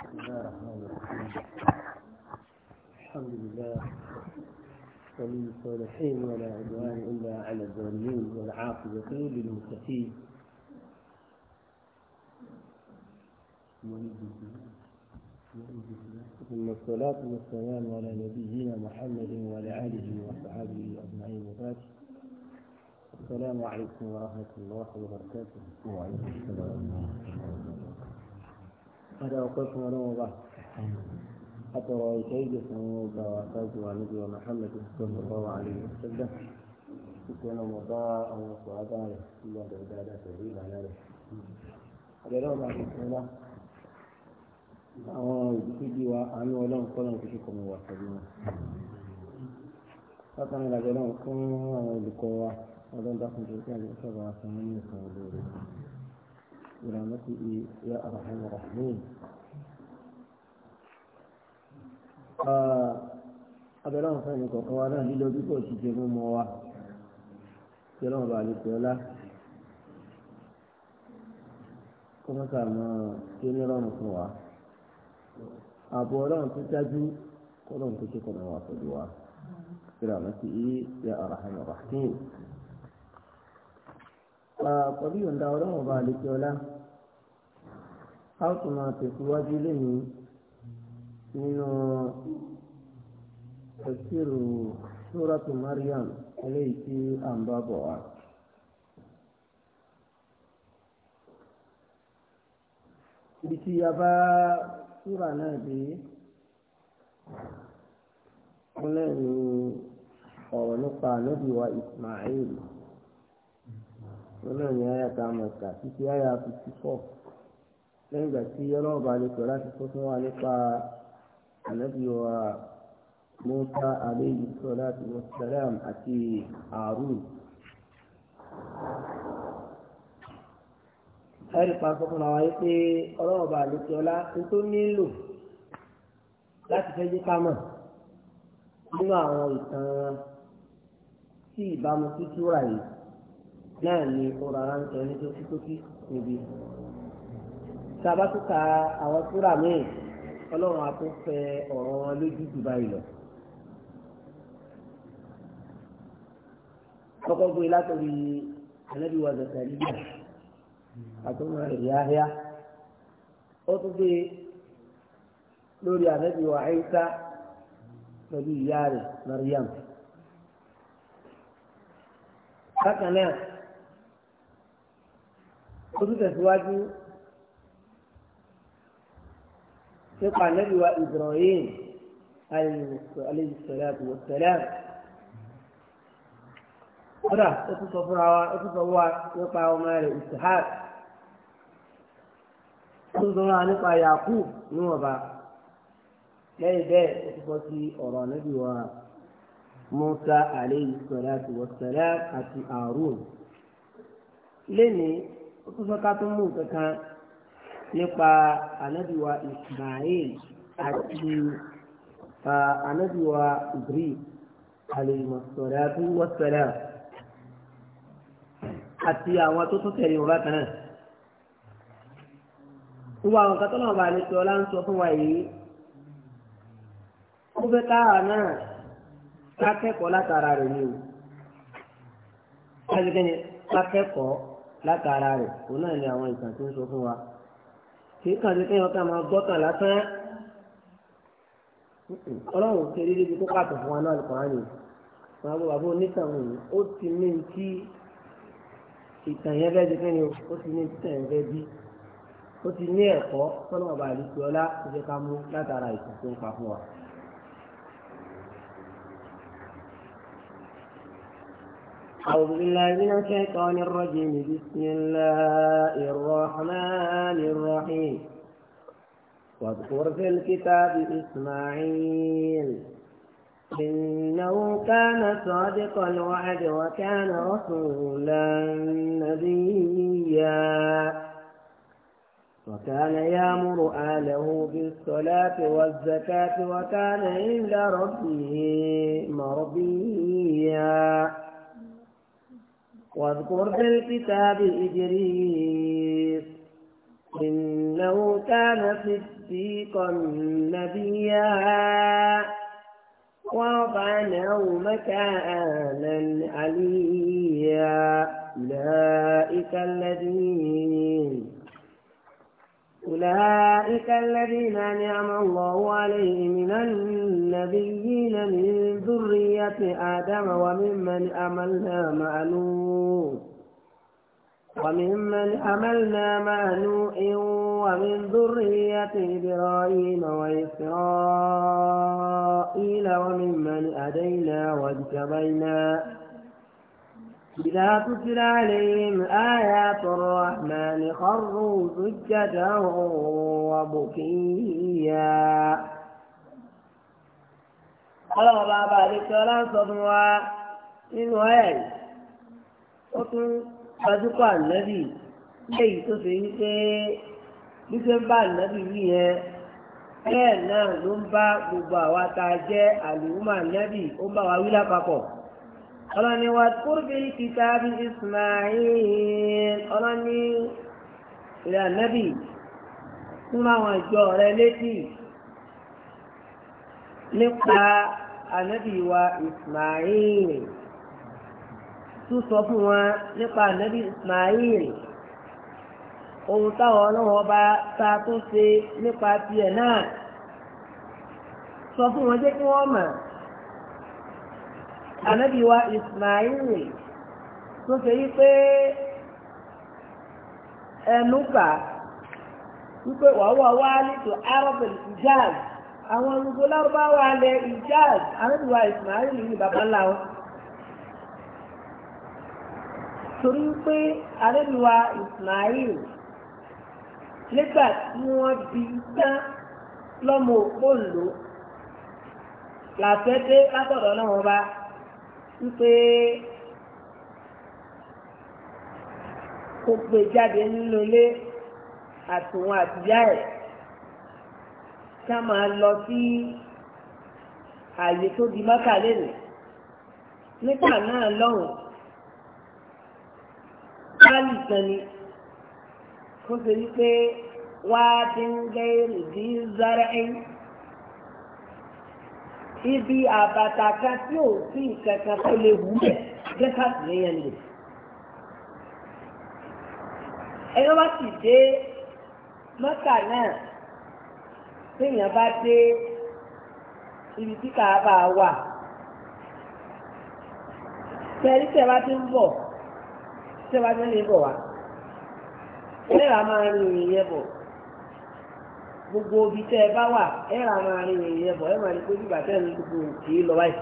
بسم الله الرحمن الرحيم الحمد لله ولي الصالحين ولا عدوان إلا على الظالمين والعاقبة للمتقين ثم الصلاة والسلام على نبينا محمد وعلى آله وصحبه أجمعين وبعد السلام عليكم ورحمة الله وبركاته وعليكم السلام ورحمة الله هذا وقفنا نوبة حتى رأيت أيدي نوبة وأتاج والدي ومحمد صلى الله عليه وسلم كان مضاء وصعدا إلا بعدادة سعيدة على ذلك هذا لو بعد السنة àwọn olùdíje wa àánú ọlọ́run kọ́lọ́run kò ṣe kọ̀ mọ̀ wà pẹ̀lú wọn. bákan náà làjọ náà fún àwọn olùkọ́ wa ọlọ́run dákùnjẹ́ kí àwọn ìṣọ̀rọ̀ àfihàn ní ìsàn olóore. برحمته يا أرحم الراحمين abẹ́lọ́run fẹ́ ní kọ̀ọ̀kan wa náà lílo bí kò sì ṣe mú mọ́ wa tí ọlọ́run bá lè pè ọ́ lá kó mọ́ sà mọ́ tí ó ní rọrùn fún wa ààbò ọlọ́run tó dájú ya àràhàn ọ̀ràhìn pẹ̀lú ìyọ̀ǹda ọlọ́run ọba àlejò ọlá a ó tún máa tẹ̀síwájú lónìí nínú tẹ̀síìrù sóràtù Mariam eléyìí tí à ń bá bọ̀ wá. ibi tí a bá súrà náà dé wọ́n lẹ́yìn ọ̀rọ̀ nípa ànábì wa Ismail ọlọ́run ní àyà tá a mọ̀ ká títí àyà fifty four lẹ́yìn ìgbà tí ọlọ́run bá lè sọ láti kó fún wa nípa ànábì wa Musa aleyhi salatu wa salam àti Harun. ẹ̀rí pa sọ fún wa wáyé pé ọlọ́run bá lè ọlá tó nílò láti fẹ́ yíká mọ̀ nínú àwọn ìtàn tí ìbámu tútù rà yìí náà ni ọ̀rọ̀ ara ń sọ ní tókítókí níbi. sábà tó ka àwọn súrà míì ọlọ́run àtúnfẹ́ ọ̀rọ̀ wọn lójú jù báyìí lọ. kọ́kọ́ gbé látọ̀rí ànábì wa Zakariya àtúnwá Yahya ó tún gbé lórí ànábì wa Isa pẹ̀lú ìyá rẹ̀ Maryam. bákan náà ó tún tẹ̀síwájú nípa ànábì wa Ibrahim alayhi salatu wa salam kódà ó tún sọ fúnra wa ó tún sọ wá nípa ọmọ rẹ̀ Ishaq ó tún sọ wá nípa Yakub níwọ̀nba lẹ́yìn bẹ́ẹ̀ ó tún sọ sí ọ̀rọ̀ ànábì Musa alayhi salatu àti Harun lẹ́nìí ó tún sọ ká tún mú nǹkan kan nípa ànábìwa Ismail àti ànábìwa Idris alayhimussalatu wassalam àti àwọn tó tún tẹ̀lé wọn bákan náà gbogbo àwọn kan tó náà bá lè sọ ọlá ń sọ fún wa yìí ó fẹ́ káà náà ká látara rẹ̀ ni o ká kẹ́ni ká látara rẹ̀ òun náà ni àwọn ìtàn tó ń sọ fún wa kì í kàn sí kéèyàn ká máa gbọ́kàn lásán ọlọ́run ṣe rí débi tó pàtó fún wa náà lùkọ́ á nìyí wọn bọ bàbá onítàwọn yìí ó ti ní ti ìtàn yẹn fẹ́ di kí ni ó ti ní ìtàn yẹn fẹ́ bí ó ti ní ẹ̀kọ́ tọ́lọ́mọba àdìsí ọlá ìjẹ́ká mú látara ìtàn tó ń pa fún wa. أعوذ بالله من الشيطان الرجيم بسم الله الرحمن الرحيم واذكر في الكتاب إسماعيل إنه كان صادق الوعد وكان رسولا نبيا وكان يامر أهله بالصلاة والزكاة وكان عند ربه مرضيا واذكر في الكتاب إدريس إنه كان صديقا نبيا ورفعناه مكانا عليا أولئك الذين أولئك الذين نعم الله عليهم من النبيين من ذرية آدم وممن أملنا مع وممن أملنا مع نوح ومن ذرية إبراهيم وإسرائيل وممن أدينا واجتبينا إذا تتلى عليهم آيات الرحمن خروا سجدا وبكيا ọlọ́run bá bá àdékẹ́ ọlọ́sọ̀tún wa nínú ẹ̀ ó tún gbajúkọ̀ ànábì léyìí tó ṣe wípé wípé ń bá ànábì wí yẹn bẹ́ẹ̀ náà ló ń bá gbogbo àwa tá a jẹ́ àlùmọ́ ànábì ó ń bá wa wí lápapọ̀ ọlọ́ni wa kúrbí kìtàbí Ismail ọlọ́ni ìrìn ànábì fún àwọn ìjọ rẹ létí nípa ànábì wa Ismail tún sọ fún wọn nípa ànábì Ismail ohun táwọn ọlọ́wọ́ bá ta tó ṣe nípa tiẹ̀ náà sọ fún wọn jẹ́ kí wọ́n mọ̀. ànábì wa Ismail tó ṣe yí pé ẹnu gbà wípé wàá wá nítorí arabel Hijaz àwọn olùgbò lárúbáwá alẹ Hijaz ànábì wa Ismail ní bàbá ńlá wọn torí pé ànábì wa Ismail nígbà tí tán lọ́mọ òpó ńlò làfẹ́ dé látọ̀dọ̀ náà wọn bá. wípé kò gbé jáde nínú ilé àtòun àtìyá ẹ̀ ká máa lọ sí ààyè tó di mọ́kà lẹ́nu nígbà náà lọ́hùn káàlì tán kó ṣe wípé wá ti ń gẹ́ ìdí zára ẹ̀yìn ibi àbàtà kan tí ò sí ìkankan tó lè wù mẹ́ jẹ́kàtì lẹ́yìn lò. ẹni wá sì dé mọ́kà náà téèyàn bá dé ibi tí kàábà wà. tẹ̀lé tẹ̀wá ti ń bọ̀ tẹ̀wá ti ń lè bọ̀ wá. tẹ̀wá máa ń rìn ìyẹn bọ̀ gbogbo ibi tẹ́ ẹ bá wà ẹ rà máa rin ìrìn ẹ̀bọ̀ ẹ máa rí pé bíbà tẹ́ ẹ ń gbogbo kì í lọ báyìí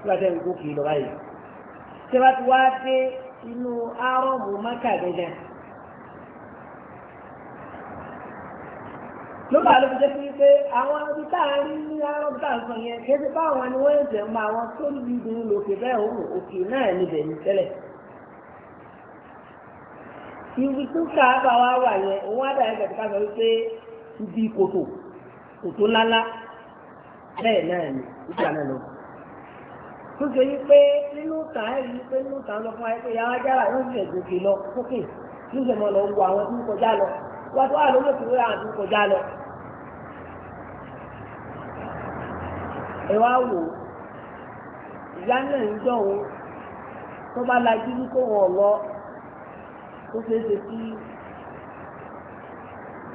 bíbà tẹ́ ẹ ń gbogbo kì í lọ báyìí. tí wọ́n ti wá dé inú árọ́ọ̀mù mákà gẹ́gẹ́ ló bá ló fi jẹ́ pé pé àwọn ibi tá a rí ní árọ́ọ̀mù tá a sọ yẹn kéde báwọn ni wọ́n ń jẹ́ mọ àwọn tó ń bí dùn lòkè bẹ́ẹ̀ òun òkè náà níbẹ̀ ní tẹ́lẹ̀ ibi tó kà á bá wa wà yẹn òun á dà síbi koto, kòtò ńláńlá bẹ́ẹ̀ náà ni ìgbà náà lọ. tó ṣe yí pé nínú ìtàn ẹ̀ yí pé lọ fún ayé pé yàrá jára yóò ṣe gòkè lọ lọ wo àwọn tó ń kọjá lọ tó wà tó ń kọjá lọ. ẹ wá wò ó ìyá náà ń òun tó bá lajú ní kó lọ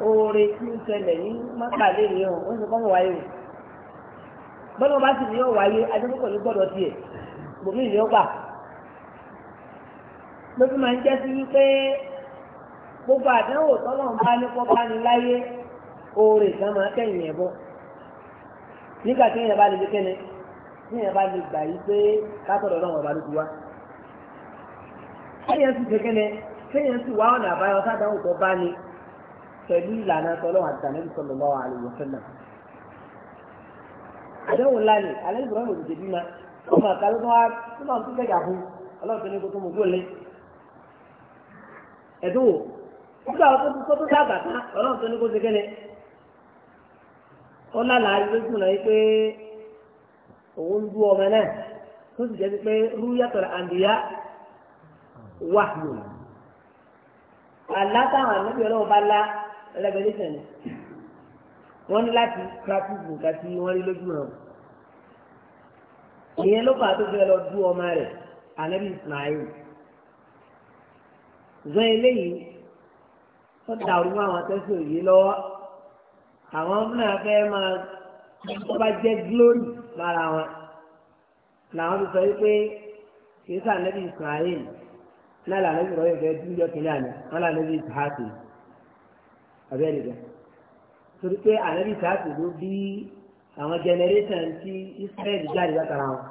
oore tí ń ṣẹlẹ̀ ní mọ́kàlẹ́ ni ọ̀ ó ń sọ kọ́mọ̀ wáyé o bọ́lá wọn bá sì ní ọ̀ wáyé gbọ́dọ̀ tiẹ̀ ni ó ló fi máa ń jẹ́ sí wípé gbogbo àdánwò tọ́lọ̀ ń bá ní oore kan máa kẹ́yìn ẹ̀ bọ́ nígbà tí èèyàn bá lè dé kẹ́lẹ́ tí èèyàn bá lè gbà pé náà bá pẹ̀lú ìlànà tọ́lọ́wọ́ àtàlẹ́bí sallallahu alaihi wasallam. àdéhùn ńlá ni alẹ́ ìbúrọ̀ ní òjòjì bímọ ọmọ àkàlẹ́ tó wá tó máa tún bẹ̀gà fún ọlọ́run tó ẹ̀dùn wò nígbà tó ní ó lálà náà yí pé òun dú ọmọ náà tó sì jẹ́ pé wà àlá táwọn bá lá revelation ni wọ́n ní láti practice nǹkan tí wọ́n rí lójú ràn ìyẹn ló fà á tó fẹ́ lọ dú ọmọ rẹ̀ anabi ismail zan eléyìí ó dàrú mọ́ àwọn tẹ́sí òye lọ́wọ́ àwọn náà fẹ́ máa tó bá jẹ́ glory lára wọn làwọn ti sọ wípé kìí sàn anabi ismail náà làwọn ti sọ wípé dúró kìnìún àná wọn làwọn ti sọ wípé abẹ́rẹ́ rẹ̀ torí pé ànábì sáàtì ló bí àwọn generation tí Israel jáde látara wọn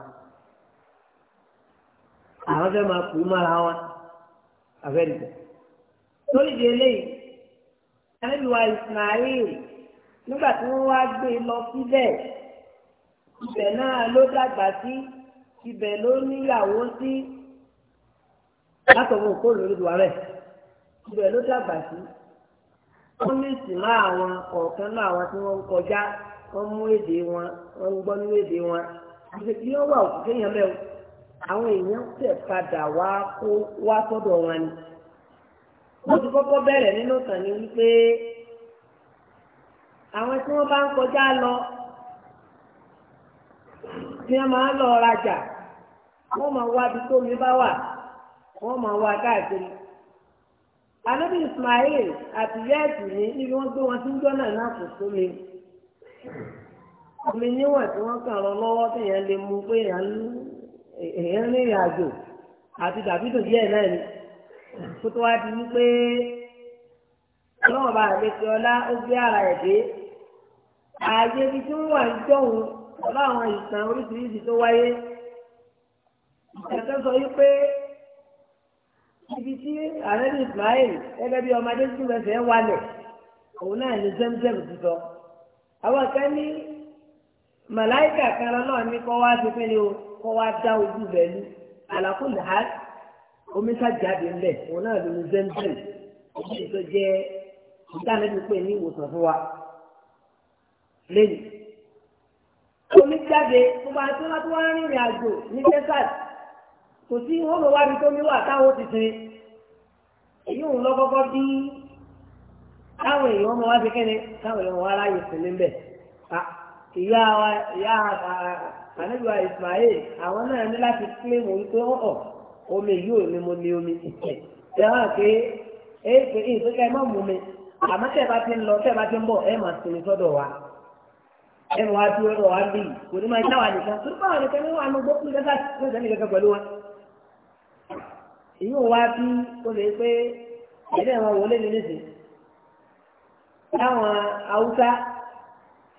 àwọn fẹ́ máa kú mára wọn abẹ́rẹ́ rẹ̀ torí di eléyìí ànábì wa Ismail nígbà tí wọ́n wá gbé e lọ síbẹ̀ ibẹ̀ náà ló dàgbà sí ibẹ̀ ló níyàwó sí látọ̀wọ́ òkú òlòlódùwárẹ̀ ibẹ̀ ló dàgbà sí. wọ́n ní ìsìnmá àwọn kọ̀ọ̀kan náà àwọn tí wọ́n ń kọjá wọ́n mú èdè wọn wọ́n ń gbọ́ nínú èdè wọn àṣekí wọ́n wà òkú kéèyàn mẹ́wọ́ àwọn èèyàn tẹ̀ padà wá kó wá sọ́dọ̀ wọn ni. wọ́n ti kọ́kọ́ bẹ̀rẹ̀ nínú kan ní wípé àwọn tí wọ́n bá ń kọjá lọ tí wọ́n máa ń lọ rajà wọ́n anabi ismail àti yẹẹsì ní níbi wọn gbé wọn sí jọnà náà kò sómi omi níwọ̀n tí wọ́n kàn lọ lọ́wọ́ tí èèyàn lè mú pé èèyàn ní ìrìn àjò àti dàbídò díẹ̀ náà ni kó tó wá di wípé ọlọ́wọ́n bá àgbẹ̀tì ọlá ó gbé ara ẹ̀ dé ààyè ibi tí wọ́n wà ń jọ̀hún ọlọ́wọ́n ìtàn oríṣiríṣi tó wáyé ẹ̀kẹ́ sọ wípé ibi tí ààrẹ ní Ismail gẹ́gẹ́ bí ọmọdé tí wọ́n fẹ́ wálẹ̀ òun náà ní zẹ́mzẹ́m títọ́ àwọn kan ní màláìkà kan lọ́nà ní kọ́ wá ti fẹ́ni o kọ́ wá dá ojú rẹ̀ ní àlàkùnlé ha omi sájáde ńlẹ̀ òun náà ló ní zẹ́mzẹ́m ojú tó jẹ́ ìdáná ti pè ní ìwòsàn fún wa lẹ́yìn omi jáde gbogbo àti wọn tó wá rìnrìn àjò ní Texas kò sí wọn lọ wá bí tó ní wà táwọn ti sin èyí òun lọ kọ́kọ́ bí táwọn èèyàn ọmọ wa ti kẹ́ni táwọn èèyàn wa aráyè sí níbẹ̀ ìyá wa ìyá ànábìwá Ismail àwọn náà ní láti kílé mò ń pé ọ̀ọ̀ omi yìí ò ní mo ní omi ẹ wá pé ẹ pé ìpínlẹ̀ ẹ má mú mi àmọ́ tẹ́ bá ti ń lọ tẹ́ bá ti ń bọ̀ ẹ máa sinmi sọ́dọ̀ wa ẹ máa dúró lọ wá bí kò ní máa jáwàá nìkan tó báwọn nìkan ní wọn àmọ́ gbókùn kẹta ló ń sẹ́ni kẹkẹ pẹ̀lú wa èyí ò wá bí ó lè pé ẹ̀dẹ̀ wọn wọlé ní nísìn láwọn haúsá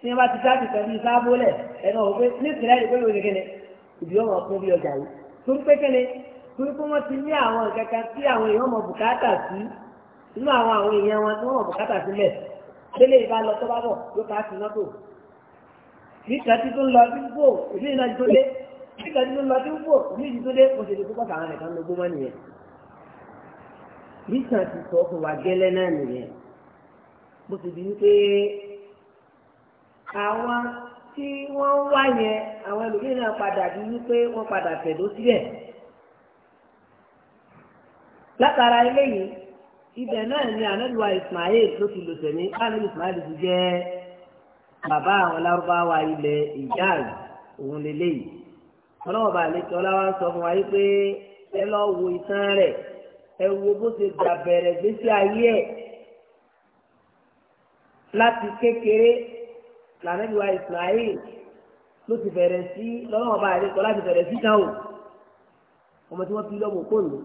tí wọ́n bá ti sáàtì kan bíi sábólẹ̀ ẹ̀nà òwe nísìnyí láti pé yóò ṣe kéne ìdí ọmọ fún bí ọjà yìí tó ń pé kéne tó ń pé wọ́n ti ní àwọn kankan tí àwọn èèyàn mọ̀ bùkátà sí nínú àwọn àwọn èèyàn wọn tí wọ́n mọ̀ bùkátà sílẹ̀ délé ìbá lọ tó bá bọ̀ yóò ká sí sí gbò nígbà tí ló lọ tí ń bò ní ìdí tó dé mo ṣe lè kókó sàrán nìkan ló gbómọ nìyẹn rísàn ti sọ fún wa gẹ́lẹ́ náà nìyẹn mo sì di wípé àwọn tí wọ́n ń wá yẹn àwọn ẹlòmíràn náà padà di wípé wọ́n padà tẹ̀dó síbẹ̀ látara eléyìí ibẹ̀ náà ni anabiwa Ismail ló ti lò tẹ̀mí anabi Ismail ti jẹ́ bàbá àwọn lárúbáwá ilẹ̀ Ìjáàlì òun lélẹ́yìí ọlọ́wọ́ bá àlejò ọláwá sọ fún wa yìí pé ẹ lọ wo ìtàn rẹ̀ ẹ wo bó ṣe gbà bẹ̀rẹ̀ gbèsè ayé ẹ̀ láti kékeré lànàbíwá Ismail ló ti bẹ̀rẹ̀ sí lọ́wọ́ bá àlejò láti bẹ̀rẹ̀ sí kan o ọmọ tí wọ́n fi lọ́mọ kóòlù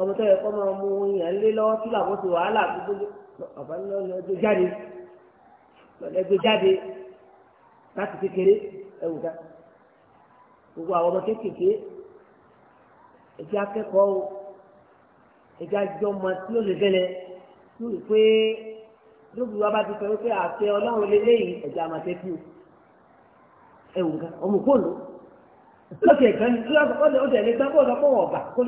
ọmọ tó yẹ kọ́ máa mú yàn lé lọ́wọ́ tí làwọn ti wàhálà gbogbo bàbá ńlọ lọ́dẹ jáde láti kékeré ẹ̀wù dáa. gbogbo àwọn ọmọ kéékèèké ẹ̀jẹ̀ akẹkọọ o ẹ̀jẹ̀ àjọ ọmọ tí ó lè bẹ̀rẹ̀ tí ó pé lóbi wa bá ti sọ wípé àṣẹ ọlọ́run lélẹ́yìn ẹ̀jẹ̀ àmọ̀tẹ́kù ẹ̀wù gan ọmọ kóòlù lókè gan ọdẹ kò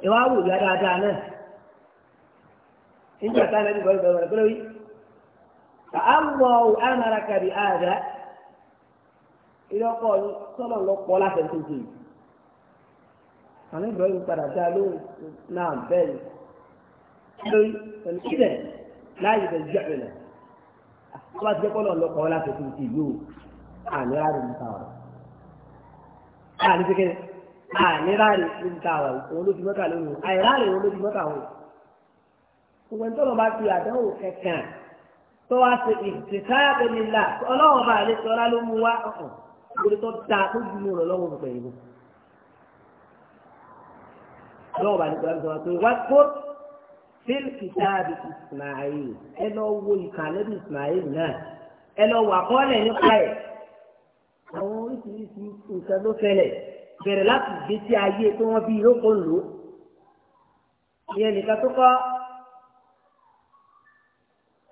sí wò dáadáa náà táwọn ẹni bọ̀ ilé ọkọ sọlọ lọ pọ láti ẹsẹ ìdè àwọn ìbọn padà dá lóhùn náà bẹ́ẹ̀ lórí pẹ̀lú ilẹ̀ láàyè bẹ jẹ ìrìnà wọn bá ti jẹ kọlọ lọ pọ láti ẹsẹ ìdè yóò àní rárí níta ọ̀rọ̀ àní kékeré àní rárí níta ọ̀rọ̀ òun ló fi mọta lóhùn àìrárí òun ló fi mọta ọ̀rọ̀ òun ẹni tó bá fi àdánwò kẹkẹ tó wá ṣe ìtìsáyà pẹ̀lú ìlà ọlọ́wọ́n bá àlejò ọlá ló mú wá ọ̀hún orí tó dáa tó ju mú lọ́wọ́ òun pẹ̀lú ìbò. lọ́wọ́ bá ní kúrò àti sọ́wọ́ pé wá kó fílkì sáàbì Ismail ẹ lọ wo ìkànnì Ismail náà ẹ lọ wà kọ́lẹ̀ nípa ẹ̀ àwọn oríṣiríṣi nǹkan ló fẹlẹ̀ bẹ̀rẹ̀ láti gbèsè ayé tí wọ́n fi ìrókò lò ìyẹn nìkan tó kọ́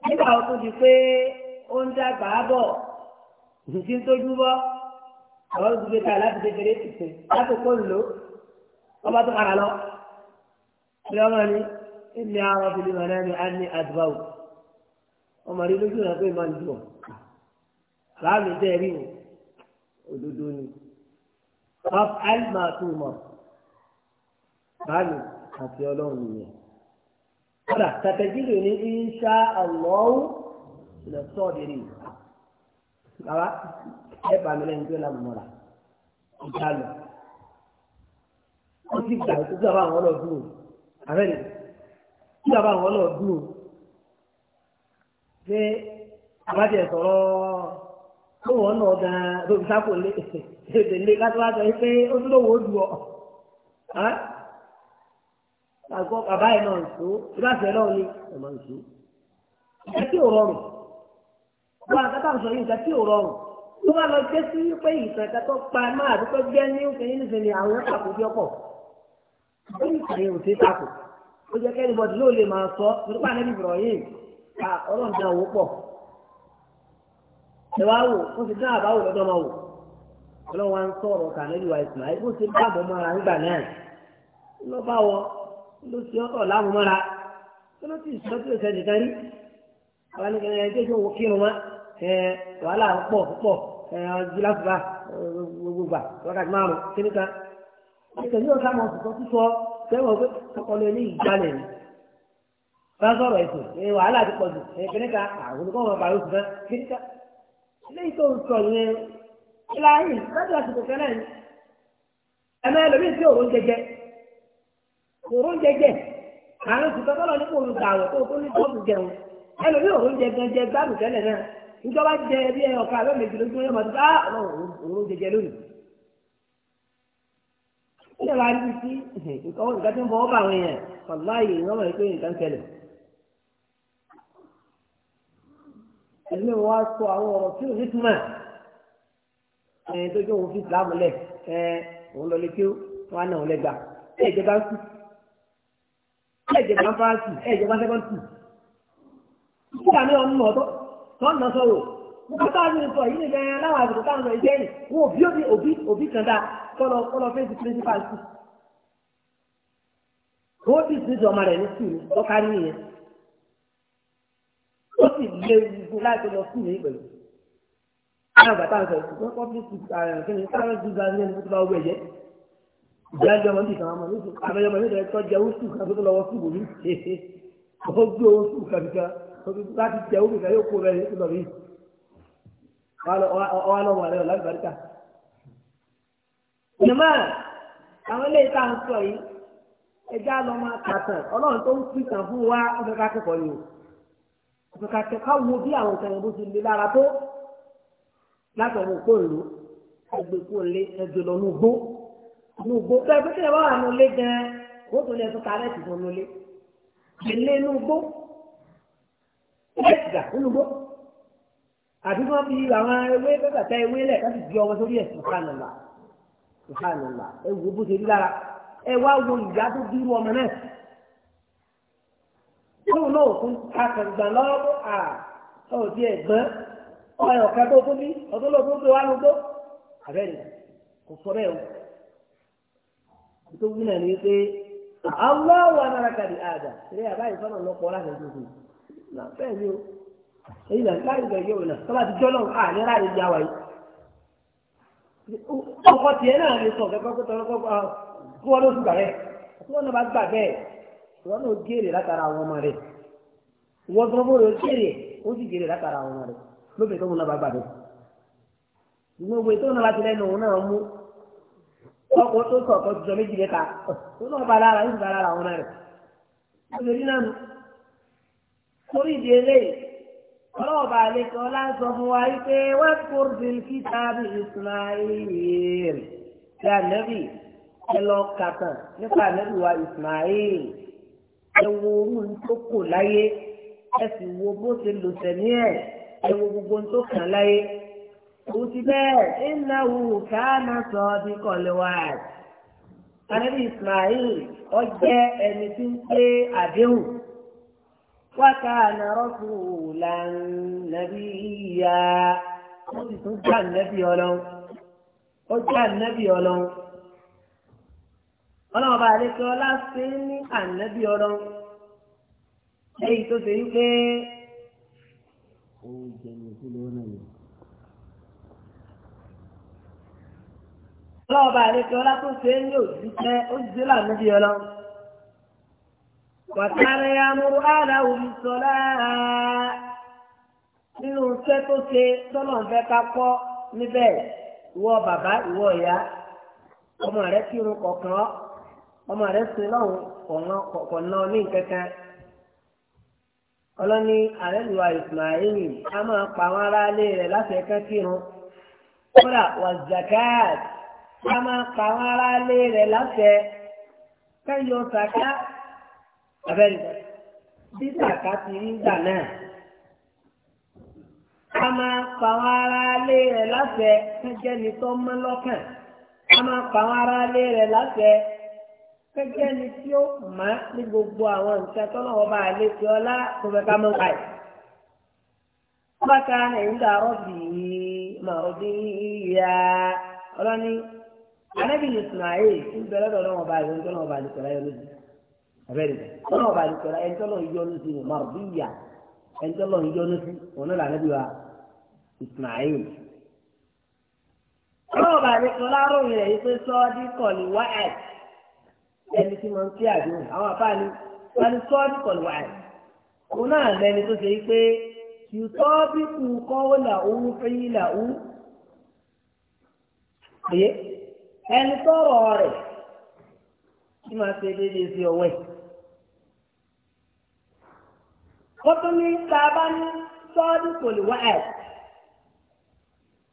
nígbà tó di pé ó ń dàgbà bọ̀ ìdí tó dúró àwọn olùdókè tá a láti kékeré tètè láti kó ń lò ọba tó kara lọ ilé ọmọ ni ilé àwọn fìlí mọ̀ náà ni a ní àdúrà o ọmọ rí lójú náà pé máa ń dùn láàmì tẹ́ rí o òdodo ni ọf àìmọ̀ tó mọ̀ láàmì àti ọlọ́run nìyẹn kódà tàtẹ́jìlì ní insha Allah lọ́sọ̀ọ́dẹ̀rẹ̀ bàbá ẹ bá mi lẹ́nu tó lànà mọ́ra ìjà lọ. wọ́n ti gbà tó sábà àwọn ọlọ́ọ̀dún o ààrẹ ni tó sábà àwọn ọlọ́ọ̀dún o ṣé àbájẹ sọ̀rọ̀ tó wọ́n náà gan-an lóbi sáko lé èdè lé kátó wá sọ yìí pé ó tún lówó du ọ. àgọ́ bàbá yìí náà ń so ìbáṣẹ náà ni ẹ̀ máa ń so. ìjà tí ò rọrùn. wọ́n á sọ yìí ìjà tí ò rọrùn. tó wá lọ jẹ́ sí pé ìtàkà tó pa máa dúpẹ́ jẹ́ ní òkè nínú ìsinmi àwọn àpò bí ọkọ̀ ó ní ìsàlẹ̀ òsè tako ó jẹ́ kẹ́ni bọ́dì ló lè máa sọ nípa ká ọlọ́run dá owó pọ̀ ẹ wá wò ó ti dán àbáwò lọ́dọ́ máa wò ọlọ́run wá ń kà mọ́ra nígbà náà bá wọ ló ti láàmú mọ́ra tó ló wàhálà pọ̀ púpọ̀ jìláfùbà gbogbogbà wákàtí márùn kíníkà ẹ̀sẹ̀ yóò sá máa sọ sísọ tẹ́wọ̀n pé ọpọlọ ilé ìgbàlẹ̀ ni bá sọ̀rọ̀ ẹ̀sìn wàhálà ti pọ̀ jù kíníkà sùn sọ yẹn àsìkò ni ẹ̀mẹ́ jẹjẹ jẹjẹ sùn tọ́tọ́ lọ tó tó ní jẹun ìjọba jẹ bí ẹ ọ̀ka àbẹ́ méjìlélógún yóò máa ti bá ah, òun jẹjẹ lónìí. ó lè wáá rí sí nǹkan tó ń bọ́ ọ́ bá àwọn èèyàn wàláyé ìwọ́n mọ̀ pé nǹkan kẹlẹ̀. ẹ̀mí wọn á sọ àwọn ọ̀rọ̀ tí ò ní túmọ̀ ẹ̀ tó jẹ́ òun fi ìsìlámù lẹ̀ ẹ̀ òun lọ lé kí wọ́n á náà lẹ́gbàá ẹ̀ ìjọba ń sùn ẹ̀ ìjọba ń fáńsì ẹ̀ ìjọba tọ́nà sọ̀rọ̀ bùkátà ní nǹkan yìí nìkan ẹran láwọn àbùkù táwọn sọ iṣẹ́ yìí wọn òbí òbí òbí òbí kan dá kọlọ kọlọ fẹ́ẹ́ di principal school. wọ́n ti sin ọmọ rẹ̀ ní school lọ́kárí nìyẹn. ó sì lé igun láti lọ school yìí pẹ̀lú. àwọn bàtà ń sọ ìṣùgbọ́n public school kìnnì sáré gbígbà ní ẹni tó bá wọ ẹ̀jẹ̀. ìjà ìjọ ọmọ nìkan ọmọ nìkan àbẹ̀yọmọ nìkan ẹ̀tọ́ jẹ́ owó school kan tó lọ́wọ́ school wò ní láti jẹ omi kan yóò kó rẹ yóò lọ rí ọwọ́ lọ́wọ́ rẹ ọ̀la ìbáríkà. ìmọ̀ àwọn ilé ìta ń sọ yìí ẹja lọ máa tàtàn ọlọ́run tó ń pín tàn fún wa ọ̀fẹ́ ká yìí o ọ̀fẹ́ ká kẹ́kọ̀ọ́ wo bí àwọn ìtàn ìbò ti le lára tó láti ọmọ òkú ìlú ẹgbẹ́ kó lé ẹgbẹ́ lọ ní ugbó ní ugbó bẹ́ẹ̀ bí kí ẹ bá wà ní ilé gan-an kó tó lè tún kárẹ́ẹ̀tì fún un nílé ilé ní ugbó. ẹ̀sìgà nínú gbó àti wọ́n fi àwọn ewé bẹ́ẹ̀ tẹ ewé lẹ̀ láti di ọmọ sórí ẹ̀sìn sùhánàlá sùhánàlá ẹ wo bó ṣe rí lára ẹ wá wo ìyá tó bí ọmọ náà tóun náà fún akàngbà lọ́wọ́ à ẹ̀gbọ́n kan tó ọdún lọ́dún tó wá lọ́dún kò sọ bẹ́ẹ̀ o ni pé àwọn nà bẹ́ẹ̀ ni o èyí là láì gbẹ̀gẹ́ òun náà tọ́lá ti jọ́lọ́ àní ráàyè ìyá wa yìí. ọkọ tiẹ̀ náà lè sọ kẹ́kọ́ pé tọ́lọ́ kọ́ ah, kó wọn ló fi gbà rẹ̀ kí wọ́n náà bá gbà bẹ́ẹ̀ wọ́n náà gèrè látara àwọn ọmọ rẹ̀ wọ́n tó bóyá gèrè ó sì gèrè látara àwọn ọmọ rẹ̀ lóbi tó wọn náà bá gbà bẹ́ẹ̀. gbogbo ètò náà láti lẹ́nu òun náà mú ọkọ̀ tó sọ̀kọ̀ jọ torí ìdí eléyìí ọlọ́ọ̀bà àlekọ́ láǹsọ fún wa wípé wọ́n kó bìrìkítà bí Ismail ti ànẹ́bì ẹ lọ kàtàn nípa ànẹ́bì wa Ismail ẹ wo orú tó kò láyé ẹ sì wo bó ṣe lò tẹ̀lé ẹ̀ ẹ wo gbogbo tó kàn láyé kò sí bẹ́ẹ̀ ìnáwó káàmà sọ bí kọ̀lẹ́wàá ànẹ́bì Ismail ó jẹ́ ẹni tí ń pé àdéhùn. وكان رسولا نبيا قلت تجع النبي ولو تجع النبي ولو ọlọ́run bá lè sọ láti ní ànábì ọ̀rọ̀ èyí tó ṣe wípé. ó jẹun sí lónà yìí. ọlọ́run bá lè sọ láti ṣe ní òjijì jẹ́ ó ṣiṣẹ́ lànà bí ọlọ́run. وكان يأمر أهله بالصلاة nínú iṣẹ́ tó ṣe tọ́nà fẹ́ ká kọ́ níbẹ̀ ìwọ bàbá ìwọ ìyá ọmọ rẹ kírun kọ̀ọ̀kan ọmọ rẹ sin lọ́hùn náà ní kẹ̀kẹ́ ọlọ́ni àrẹ́lùwà ìsmáìlì a máa pa àwọn aráalé rẹ̀ láti ẹ̀kẹ́ kírun kódà a máa pa abẹ́rẹ́ dídà ká ti rí gbà náà a máa pa àwọn ará rẹ̀ láfẹ̀ẹ́ kẹ́jẹ́ ni tó mọ́ lọ́kàn a máa pa àwọn ará rẹ̀ láfẹ̀ẹ́ kẹ́jẹ́ ni tí ó mọ́ ní gbogbo àwọn nǹkan tó náà wọ́n bá lè ọlá tó fẹ́ ká mọ́ báyìí. wọ́n ẹ̀yìndà ya ọlọ́ni ń bẹ̀rẹ̀ lọ́dọ̀ abẹ́rẹ́ ọlọ́wọ́ bá dìkọ̀ la ẹnitọ́lọ́ yọnu sí ni marbiya ẹnitọ́lọ́ yọnu sí ọ̀nà là níbi wa Ismail ọlọ́wọ́ bá dìkọ̀ láàárọ̀ yẹn yìí pé sọ́ọ́dí kọ̀ ní wáyà ẹni tí mo ń fi àdéhùn àwọn afáàní wọn ni sọ́ọ́dí kọ̀ ní wáyà òun náà lẹni tó ṣe pé yùtọ́bí kù kọ́wó là òun fẹ́yì là òun ẹni tọrọ rẹ̀ kí máa ṣe déédéé sí ọwọ́ ẹ̀. wọ́n tún ní tá a bá ní sọ́ọ́dún kò lè wá ẹ̀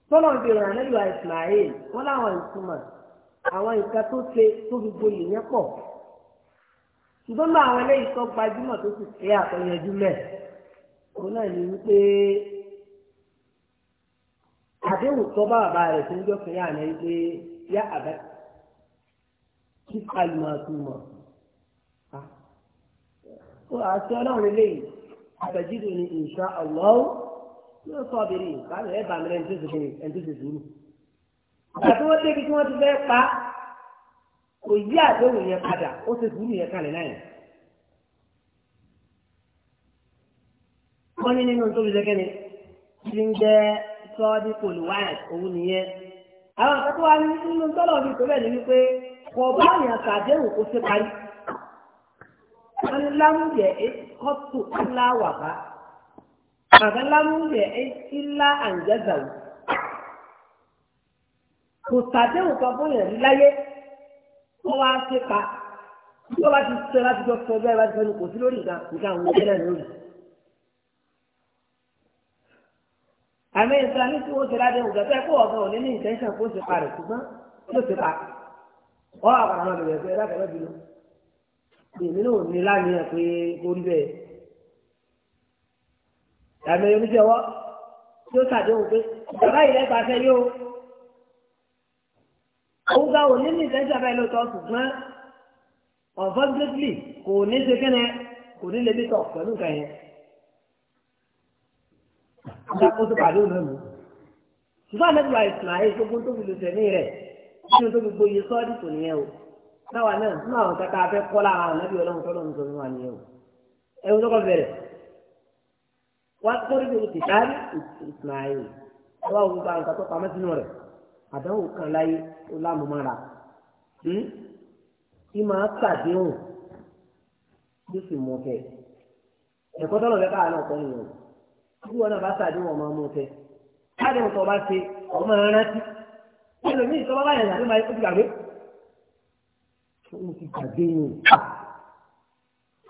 tọ́lọ̀ ń bèrè àná ìwà Ismail wọ́n láwọn ìtumọ̀ àwọn ìka tó ṣe tó fi gboyè yẹn pọ̀ ṣùgbọ́n bá àwọn eléyìí tó gbajúmọ̀ tó sì ṣe àtọ̀yẹ̀jú mẹ́ òun náà ní wípé àdéhùn tó bá bàbá rẹ̀ tó ń jọ fìyà ní wípé yá àbẹ́ kí kálí máa tún mọ̀ ah, àti ọlọ́run eléyìí àtàjídò ní insha Allah yóò sọ ọbẹ̀rẹ̀ yìí báyìí ẹ̀ bá mi rẹ̀ ẹ̀ńtí ṣe ẹ̀ńtí ṣe sùúrù. àti wọ́n débi tí wọ́n ti fẹ́ pa kò yí àdéhùn yẹn padà ó ṣe sùúrù yẹn kalẹ̀ náà wọ́n ní nínú tó fi ṣe kẹ́ni tí ń jẹ́ sọ́ọ́dí kòlùwáì òun nìyẹn. àwọn àkọ́kọ́ wa ní nínú tọ́lọ̀ mi tó bẹ̀ ní wípé kò bá kàdéhùn kó ṣe parí. wọ́n ní qattu alla wa ba kaga lamu ya ai illa an jazau kò sàdé nǹkan fún yẹn láyé kó wá ṣe pa tí wọ́n bá ti sọ láti jọ sọ bẹ́ẹ̀ bá ti sọnù kò sí lórí nǹkan nǹkan àwọn ọmọdé náà lórí. àmì ìsìlá ní tí wọ́n ṣe láti nǹkan fẹ́ kó ọ̀gá òní ní ìtẹ́ńṣàn kó ṣe pa rẹ̀ ṣùgbọ́n yóò ṣe pa ọ́ àpàràmọ́ bẹ̀rẹ̀ fẹ́ láti ọ̀dọ́ èmi náà ní láàyàn pé ó rí bẹ́ẹ̀. àmì oníṣẹ́ ọwọ́ tí ó ṣàdéhùn pé bàbá yìí lẹ́gbàá fẹ́ yóò. òun gba òní ní ìtẹ́jọ́ abẹ́ ló tọ́ ṣùgbọ́n unfortunately kò ní ṣe kẹ́nẹ kò ní lè bí tọ̀ pẹ̀lú nǹkan yẹn. àgbà kó tó pàdé òun náà mú. ṣùgbọ́n àlejò àìsàn àìsàn gbogbo tó fi lè tẹ̀lé rẹ̀ ni tó gbogbo iye sọ́ọ́dì kò níyẹn o táwa náà nínú àwọn kẹta afẹ́ kọ́ lára àwọn ẹbí ọlọ́run tó lọ́run tó ń wà nìyẹn o ẹ̀rù tó kọ́ bẹ̀rẹ̀ wọ́n kórè tó ti sáré ìsìnàyè wọ́n wọ́n gba nǹkan tó pamọ́ sínú rẹ̀ àdánwò kan láyé ó lámùmára hmm? kí máa ṣàdéhùn yóò sì mú kẹ ẹ̀kọ́ tọ́lọ̀ fẹ́ káà náà kọ́ nìyẹn o bí wọn náà bá ṣàdéhùn ọmọ mú kẹ káàdéhùn tó bá ṣe ọmọ rántí ẹlòmíì tó òun ti gbàgbé yìí o. Ah!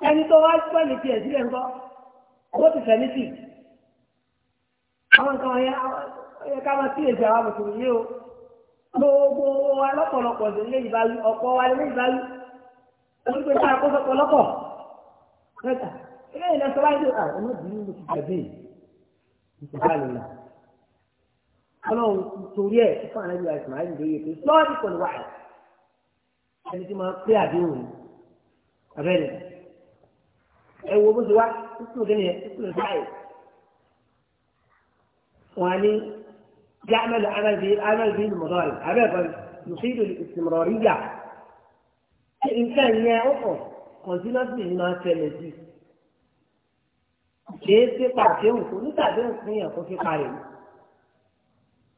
ẹni tó wá pẹ̀lú tiẹ̀ sílẹ̀ ńkọ́ owó ti fẹ̀mí sí. àwọn nǹkan ọ̀yẹ́ ọ̀yẹ́ ká máa kíyèsí àwọn mùsùlùmí yìí o. gbogbo wa lọ́pọ̀lọpọ̀ lè yìí bá yí ọ̀pọ̀ wa lè yìí bá yí. orí pé ká kó sọpọ̀ lọ́pọ̀ mẹ́ta ilé ìlẹ̀ sọ wáyé à ọmọ ìdílé ló ti gbàgbé yìí. ọlọ́run torí ẹ̀ fún àlejò àìsàn àìsàn lóye pé lọ́ọ̀dì pẹ̀lú ẹni tí máa pé àdéhùn ni abẹ́rẹ́ ẹ wo bó ti wá títí òde yẹn títí òde báyìí wọn á ní يعمل عمل به العمل به المضارع عمل يفيد الاستمرارية الإنسان يعقل continuously ما تلزي ṣe ṣe pàṣẹ òkú nígbà tí ó ń pín ẹ̀kọ́ fi parí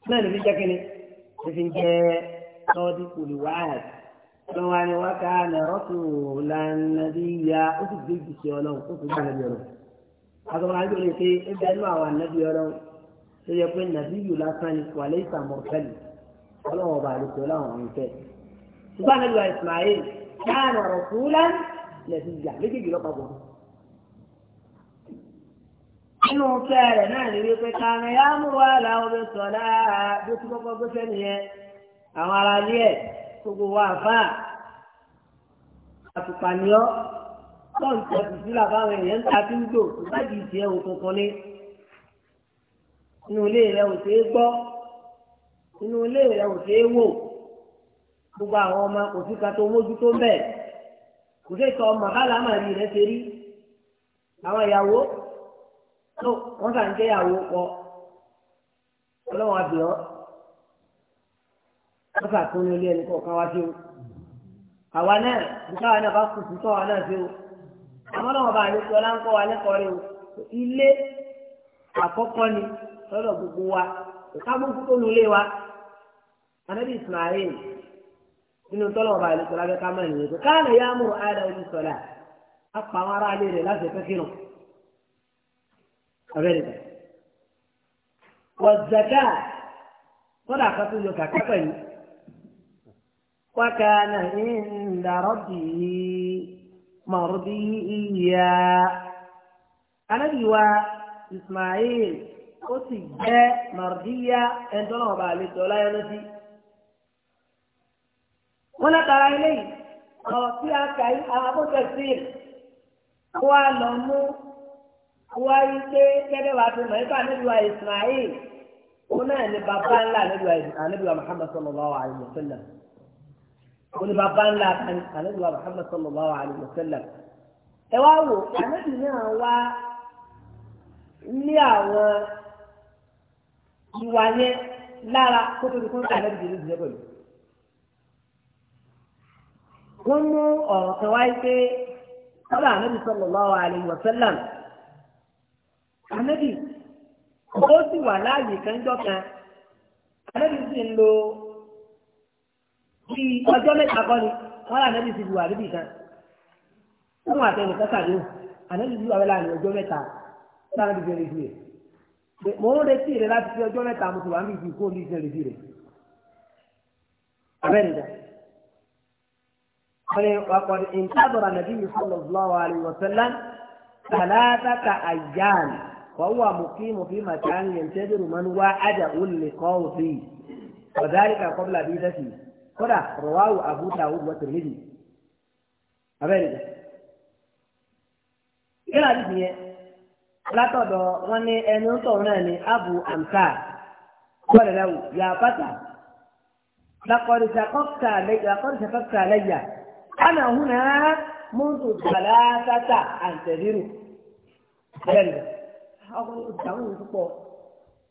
náà ló fi jẹ́ kíni ló fi jẹ́ lọ́ọ́dí kò lè wá àti lọ́wọ́ àni wá ká ànà rọ́tù lànàbí ya ó sì gbé jùsí ọlọ́run ó sì gbá ànàbí ọlọ́run. àtọ́wọ́n àjọ lè ṣe é bẹ́ẹ̀ nú àwọn ànàbí ọlọ́run tó yẹ pé nàbí yù lásán ni wà lè sàmọ̀ fẹ́lì ọlọ́run ọba àlùkò láwọn ọ̀hún fẹ́. ṣùgbọ́n ànàbí wa Ismail ká ànà rọ̀tù lànàbí ya méjèèjì lọ́pàá inú fẹ́rẹ̀ náà ní wípé gbogbo wa àfà àtùpàníọ́ lọ́n tẹ fìfúlà báwọn èèyàn ń ta tí ń dò tó bá di ìdí ẹ̀wò kankan ní. inú ilé rẹ̀ ò ṣeé gbọ́ inú ilé rẹ̀ ò ṣeé wò gbogbo àwọn ọmọ kò sí ka tó mójútó bẹ́ẹ̀ kò sí ìtọ́ ọmọ kálámà rí rẹ̀ ṣe rí àwọn ìyàwó tó wọ́n kà ń jẹ́ ìyàwó pọ̀ ọlọ́wọ́n àbíọ́ lọ́kà tó ní ilé ẹni kọ̀ọ̀kan wá sí o àwa náà nígbà wà náà bá kù síkọ́ wa náà sí o àmọ́ náà wọ́n bá àlejò ọláńkọ́ wa lẹ́kọ̀ọ́ rẹ o ilé àkọ́kọ́ ni lọ́dọ̀ gbogbo wa ìkábùkù tó nulẹ̀ wa anabi Ismail nínú tọ́lọ̀ ọba àlejò lábẹ́ ká mọ̀ nìyẹn tó káàlẹ̀ yá mú àdá ojú sọ̀lá á pa àwọn ará alẹ́ rẹ̀ láti ẹ̀fẹ́ kírù abẹ́rẹ́ wọ́n وكان عند ربه أنا النبي إسماعيل قصد مرضيا أن تنهى بالي تولى ينسي ولا ترى إليه قاسيا كاين أبو تكسير هو لومو هو يسي كده واتو مهيكا نبي إسماعيل هنا أن بابا الله نبي محمد صلى الله عليه وسلم wọn ni bàbá ńlá kan ànábì wa Muhammad sallallahu alayhi wa sallam ẹ wá wò ànábì náà wá ní àwọn ìwà yẹn lára kó tó di kó ànábì yẹn lè pẹ̀lú. wọ́n mú ọ̀rọ̀ kan wáyé pé kọ́lá ànábì sallallahu alayhi wa sallam ànábì ó sì wà láàyè kan kan ànábì sì ń lo bí ọjọ́ mẹ́ta kọ́ ni wọ́n rà nẹ́bí ti lu àdébì kan fún àtẹnù kẹta ni ànẹ́bí lu àwọn ìlànà ọjọ́ mẹ́ta wọ́n rà nẹ́bí ti rèébi rẹ̀ mò ń retí rẹ̀ láti fi ọjọ́ mẹ́ta mo ti wà níbi ìkó ní ìṣẹ́ rèébi rẹ̀ abẹ́rẹ́ dà wọ́n ní wàkọ̀dé ìntàdọ̀rà nàbí yìí sallallahu alaihi wa sallam ثلاثة أيام وهو مقيم في مكان ينتظر من وعده اللقاء فيه وذلك قبل بعثته kódà rọwáwù Abu Dawud wa Tirmidhi abẹ́rẹ́ rẹ̀ kíláà ní ìyẹn látọ̀dọ̀ wọn ní ẹni ń sọ̀rọ̀ náà ní Abu Amsa kọ́lẹ̀ rẹ̀ wù yà bàtà lakọ̀rìṣà kọ́kà lẹ́yà lakọ̀rìṣà kọ́kà lẹ́yà ana huna mútu tàlátàtà àǹtẹ̀rírù abẹ́rẹ́ rẹ̀ ọkùnrin ìdáhùn yìí púpọ̀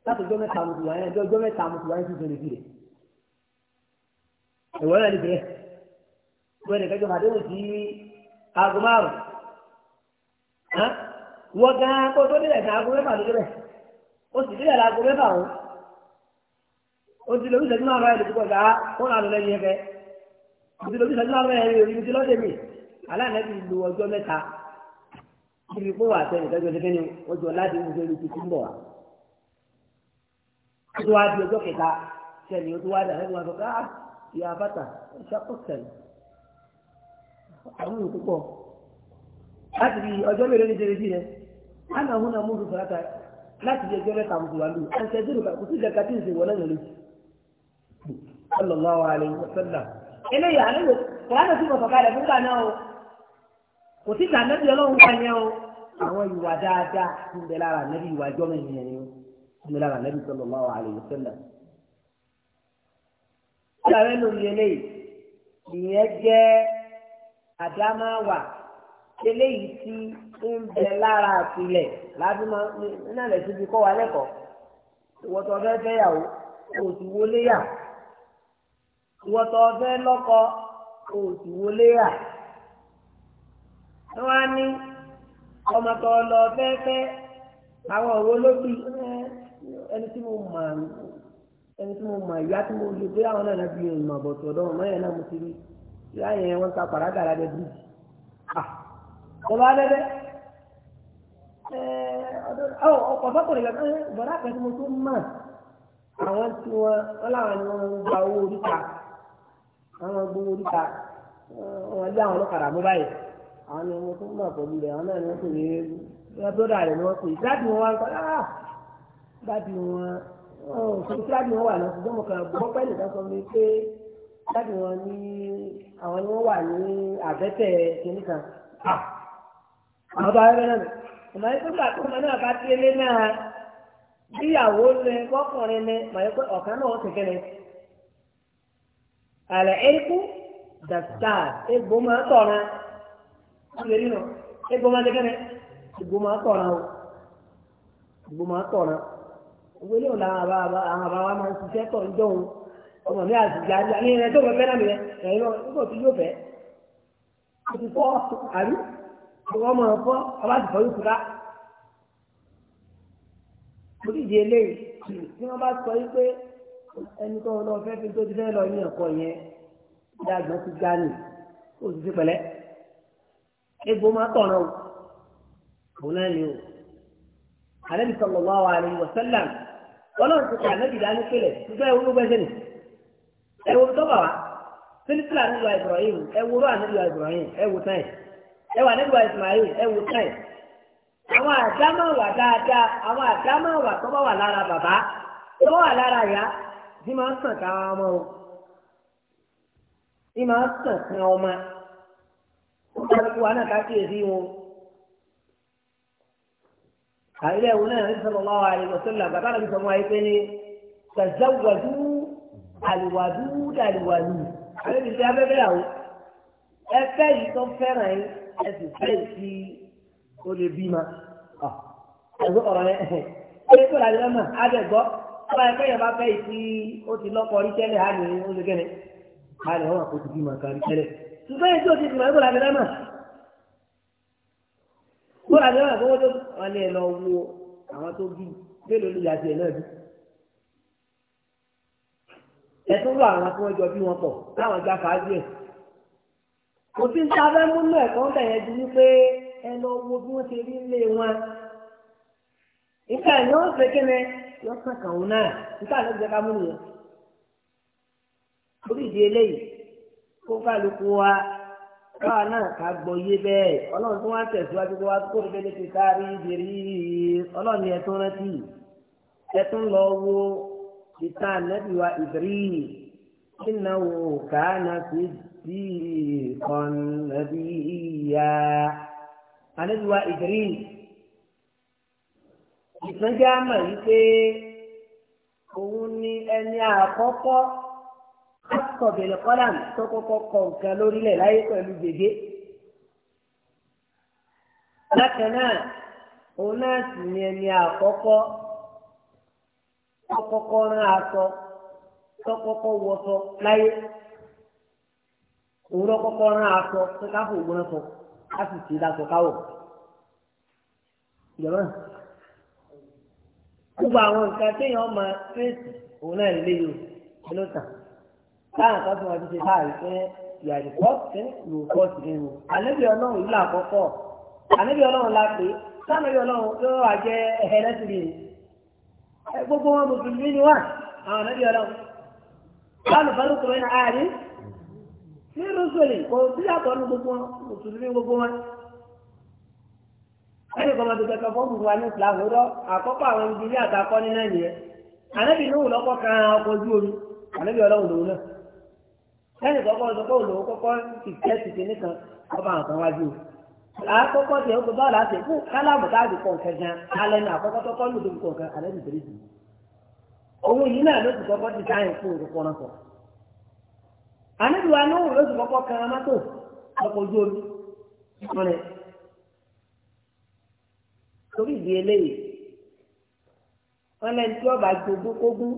látọjọ́ mẹ́ta mùtùwáyé ẹjọ́ mẹ́ta mùtùwáyé ti sọ̀rọ̀ ìfìlẹ̀ ìwọ náà nìbẹ̀rẹ̀ wọ́n ní kẹjọ màdéhùn sí aago márùn wọ́n gan kó tó délẹ̀ ní aago mẹ́fà ló ó sì délẹ̀ láago mẹ́fà o ó ti lóbi sẹ́jú náà lọ́yẹ̀ lójúkọ̀ gá fún àlọ́ lẹ́yìn ẹ̀fẹ́ ó ti lóbi sẹ́jú náà lọ́yẹ̀ lórí ibi lọ́dẹ̀ mi aláǹdẹ́bí lu ọjọ́ mẹ́ta níbi kó wà sẹ́yìn ìtọ́jú ẹ̀dẹ́gẹ́ ni ó láti ń gbèrú tuntun ń wá. ó wá di ọjọ́ kẹta sẹ́yìn ó ti wá dà ìyá bàtà ìṣàkóso àwọn òkú pọ̀ láti fi ọjọ́ mélòó ní tẹ̀lé sí rẹ̀ á nà hún àmúlù fàlàkà láti fi ẹjọ́ mẹ́ta àmúlù wà lù à ń tẹ̀sí rẹ̀ kò sí ìjàkà tí ń ṣe wọlé yẹn lójú. sallallahu alayhi wa sallam eléyìí àlejò kòránà tí mo sọ̀kalẹ̀ fúngbà náà o kò sí ìjà nẹ́bí ọlọ́run kan yẹn o àwọn ìwà dáadáa ń bẹ lára nẹ́bí ìwà ìjọ́mọ̀ ìyẹn alayhi wa ìyàrá lórí eléyìí ìyẹn jẹ́ àdámáwà eléyìí tí ń bẹ lára àtìlẹ̀ ládùmá nílẹ̀ tó fi kọ́ wa lẹ́kọ̀ọ́ ìwọ́tọ̀ fẹ́ kò sì wọlé yà ìwọ́tọ̀ fẹ́ lọ́kọ kò sì wọlé yà wọ́n á ní ọmọ tó àwọn òwò ẹni tí mo mọ̀ ìyá tí mo lè àwọn náà fi hàn mọ̀ bọ̀tọ̀ ọ̀dọ́ yẹn náà mo ti rí ìyá yẹn wọ́n ta bọ̀dá mo tún mọ̀ àwọn tí wọ́n láwọn ni wọ́n gba owó oríta àwọn gbowó oríta wọ́n lé àwọn ọlọ́kadà mú báyìí àwọn ni wọ́n òkú oh, wọn wà lọ ṣùgbọ́n mo kàn gbọ́ pẹ́ nìkan sọ mi pé wọn ní àwọn ni wà ní àbẹ́tẹ̀ kìnní kan. Ah, àwọn tó náà ọmọ yẹn tó gbà tó náà bá délé náà bíyàwó lẹ bọ́kùnrin lẹ màá pé ọ̀kan náà wọ́n kẹ̀kẹ́ àlẹ́ egbò máa tọ̀ra nínú egbò máa egbò òwe lóun làwọn àbá àwọn àbá wa máa ń ṣiṣẹ́ pọ̀ ń dọ̀hún ọmọ mi àtijọ́ àti ẹ̀rẹ́ tó fẹ́ náà nìyẹn ẹ̀rẹ́ náà nígbà tí yóò fẹ́ ó ti fọ́ àrí ọwọ́ máa fọ́ ọba ti fọ́ yóò kúta. oríṣi eléyìí tí wọ́n bá sọ wípé ẹni tó lọ fẹ́ fi tó ti fẹ́ lọ ní ẹ̀kọ́ yẹn dàgbọ́n ti gbá nì ó pẹ̀lẹ́ egbò máa tọ̀nà òun náà ni o àlẹ́ mi sọ̀rọ̀ wá wa àlẹ́ sẹ́lẹ̀ ọlọ́run ti tàn lẹ́bi dání ṣùgbọ́n ẹ̀wọ́n gbogbo ẹ̀ṣẹ̀ nì ẹ̀wọ́ tó bà wá ibrahim ẹ̀wọ́ rọ́ nílùú ibrahim ẹ̀wọ́ tán ẹ̀ ẹ̀wọ́ nílùú ismail ẹ̀wọ́ tán ẹ̀ àwọn àdámọ̀wà dáadáa àwọn àdámọ̀wà tó bá wà lára bàbá tó wà lára ìyá bí máa ń sàn ọmọ ń àrílẹ̀ ìwọ̀n náà ní sọ̀rọ̀ lọ́wọ́ àìlọ́sọ́lá bàbá àbí sọ̀mọ́ àìpé ní tàzáwàdú àlùwàdú dàlùwàlù àbẹ́bí sí abẹ́bẹ́ àwọn ẹfẹ́ yìí tó fẹ́ràn yín ẹsùn fẹ́ sí olè bímọ ah, ẹ̀sùn ọ̀rọ̀ yẹn ẹ̀ẹ́dẹ́ tó làdí lọ́mọ àdẹ̀gbọ́ ọba ẹ̀fẹ́ yẹn bá fẹ́ yìí tí ti lọ́kọ rí tẹ́lẹ̀ á lè ó lè gẹ́lẹ̀ á lè wọ́n àkóso bímọ kan rí tẹ́lẹ̀ ṣùgbọ́n èyí tó ti kó làbẹ́ wọn àfọwọ́ tó wọn lè lọ wo àwọn tó bí mélòó ló yàtì ẹ̀ náà bí. ẹ tún lọ àwọn tí wọ́n jọ bí wọn pọ̀ láwọn já fàájú ẹ̀. kò sí ní abẹ́ múnú ẹ̀kọ́ ń bẹ̀yẹn ju wípé ẹ lọ wo bí wọ́n ṣe rí ilé wọn. ìka ẹ̀ yóò ṣe kí ni yóò kàn kàn wọn náà ìka ló jẹ́ ká múnú yẹn. orí ìdí eléyìí kó kálukú wa káwa náà ká gbọ́ yé bẹ́ẹ̀ ọlọ́run tó wá tẹ̀síwájú kó wá kó lóde létí sáré ìdérí ọlọ́run ni ẹ̀tún rántí ẹ̀tún lọ wo ìta nẹ́bíwá ìdírí ìnáwó kàánà sí sí kan nàbí ìyá anẹ́bíwá ìdírí ìtànjá mọ̀ yí pé òun ni ẹni àkọ́kọ́. akọ̀bẹ̀lẹ̀ kọ́lá tó kọ́kọ́ kọ nǹkan láyé pẹ̀lú gègé. Bákan náà, òun náà sì ni ẹni àkọ́kọ́ tọkọ́kọ́ rán aṣọ tọkọ́kọ́ wọṣọ láyé. Òun lọ́kọ́kọ́ rán aṣọ tó káfò òun rán á sì dáṣọ Ìjọba gbogbo àwọn nǹkan téèyàn máa fèsì òun náà lè yọ láwọn kan fún wọn ti ṣe báyìí pé yàrá pọ́ọ̀tì ló pọ́ọ̀tì nínú ànábì ọlọ́run ìlú àkọ́kọ́ ànábì ọlọ́run la pé sáàmìlì ọlọ́run tó wà jẹ́ ẹ̀hẹ́ lẹ́sìlì gbogbo wọn mùsùlùmí ni wà àwọn ànábì ọlọ́run báwọn bá lóko rẹ̀ náà rí ní rúṣòlì kò sí àtọ́ ní gbogbo wọn mùsùlùmí gbogbo wọn. ẹnì kan máa ti kẹkẹ fọ́ọ̀mù wa ní ìsìlámù rọ àkọ́kọ́ àwọn ìdílé àtàkọ́ ní náà nìyẹn ànábì lóhùn ẹnì kọ́kọ́ sọ pé olùwọ́ kọ́kọ́ ti tẹ́sí ti nìkan ọba nǹkan wájú o àkọ́kọ́ tiẹ̀ ó gbé báwo láti fún kálámù táàbì kọ̀ nǹkan gan alẹ́ nà àkọ́kọ́ tó kọ́ lùdó kọ̀ nǹkan alẹ́ nìbẹ̀rẹ̀ jù òun yìí náà ló ti kọ́kọ́ ti sáyẹn fún òrùkọ́ náà sọ. àníbi wa ní òun ló ti kọ́kọ́ kan amátò ọkọ̀ ojú omi rẹ̀ torí ìdí eléyìí wọn lẹ́ni tí ọba jogún kógún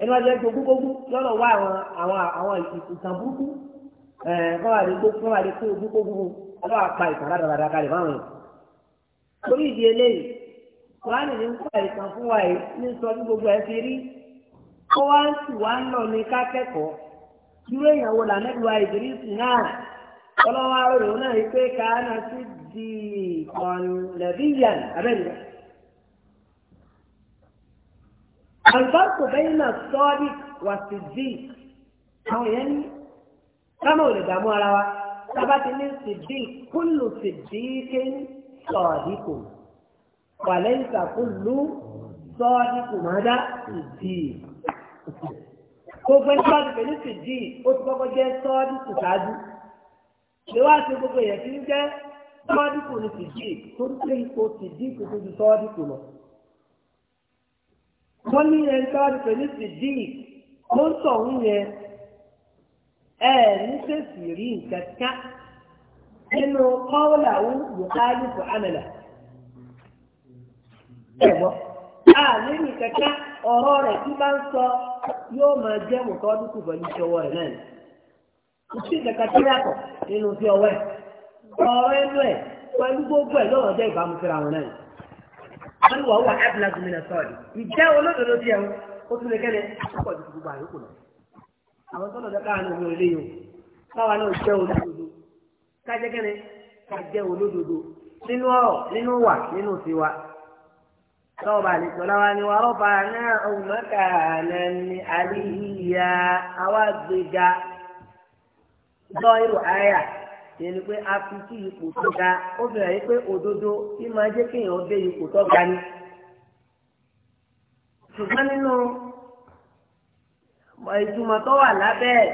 ẹnu ọjọ́ gbogbogbò lọ́rọ̀ wá àwọn àwọn àwọn ìtàn burúkú kọ́ wà lè gbogbo wà lè kó gbogbogbò ọlọ́ àpá ìtàn rádaràdà kalẹ̀ fáwọn yẹn. torí ìdí eléyìí kùránì ní ń kọ́ ìtàn fún wa yìí ní sọ bí gbogbo ẹ̀ fi rí kó wá ń sì wá ń lọ ní kákẹ́kọ̀ọ́ dúró ìyàwó làmẹ́lúwa ìdírísì náà ọlọ́wọ́ arọ̀rọ̀ náà yìí pé káà náà sì di ọ̀nlẹ̀bíyàn abẹ́rẹ́ alfarko bẹ́yìnà sọ́ọ́dí wà sí dì àwọn èèyàn ní kámá ò lè dààmú ara wa sábà ti ní sí dì kúlù sí dì ké sọ́ọ́dí kò wà lẹ́yìn sàkúlù sọ́ọ́dí kò máa dá sí dì gbogbo ẹni bá ti pè ní sí dì ó ti kọ́kọ́ jẹ́ sọ́ọ́dí kò ṣáájú ṣé wàá ṣe gbogbo èèyàn ti ń jẹ́ sọ́ọ́dí kò ní sí tó ń pè é kó sí kò tó ju sọ́ọ́dí kò lọ wọ́n ní ẹni tó wá ti pẹ̀lú sídì ó ń tọ̀ ń yẹn ẹ ní sèṣì rí nǹkan ká nínú kọ́ọ̀là ó bùkárí fún àmàlà. ẹ̀wọ́ a lẹ́yìn kẹ̀kẹ́ ọ̀rọ̀ rẹ̀ tí bá ń sọ yóò máa jẹ́ mọ̀tọ́ dúkù pẹ̀lú ìṣọwọ́ rẹ̀ náà kò sí kẹ̀kẹ́ yàtọ̀ nínú fi ọwọ́ ẹ̀ ọ̀rọ̀ ẹnu ẹ̀ pẹ̀lú gbogbo ẹ̀ lọ́wọ́ jẹ́ ìbámu síra wọn náà wọ́n ní wàá wà abúlé mi náà sọ̀rọ̀ ìjẹ́ olódodo tiẹ̀ o ó tún lè kẹ́lẹ́ púpọ̀ ju gbogbo àyókù lọ. àwọn tó lọ́dọ̀ káwọn ọmọ ilé yìí o káwọn náà jẹ́ olódodo kájẹ́ kẹ́lẹ́ ká jẹ́ olódodo nínú ọ̀rọ̀ nínú wà nínú tiwa. lọ́wọ́ bá lè tọ́lá wa ni wàá rọ́bà náà ọ̀hún mọ́kà náà ní àríyá àwa gbéga dọ́ irú àyà yẹn ni pé a fi sí ipò tó ga ó fi hàn yín pé òdodo kí máa jẹ́ kéèyàn dé ipò tó ga ni. ṣùgbọ́n nínú ìtumọ̀ tó wà lábẹ́ ẹ̀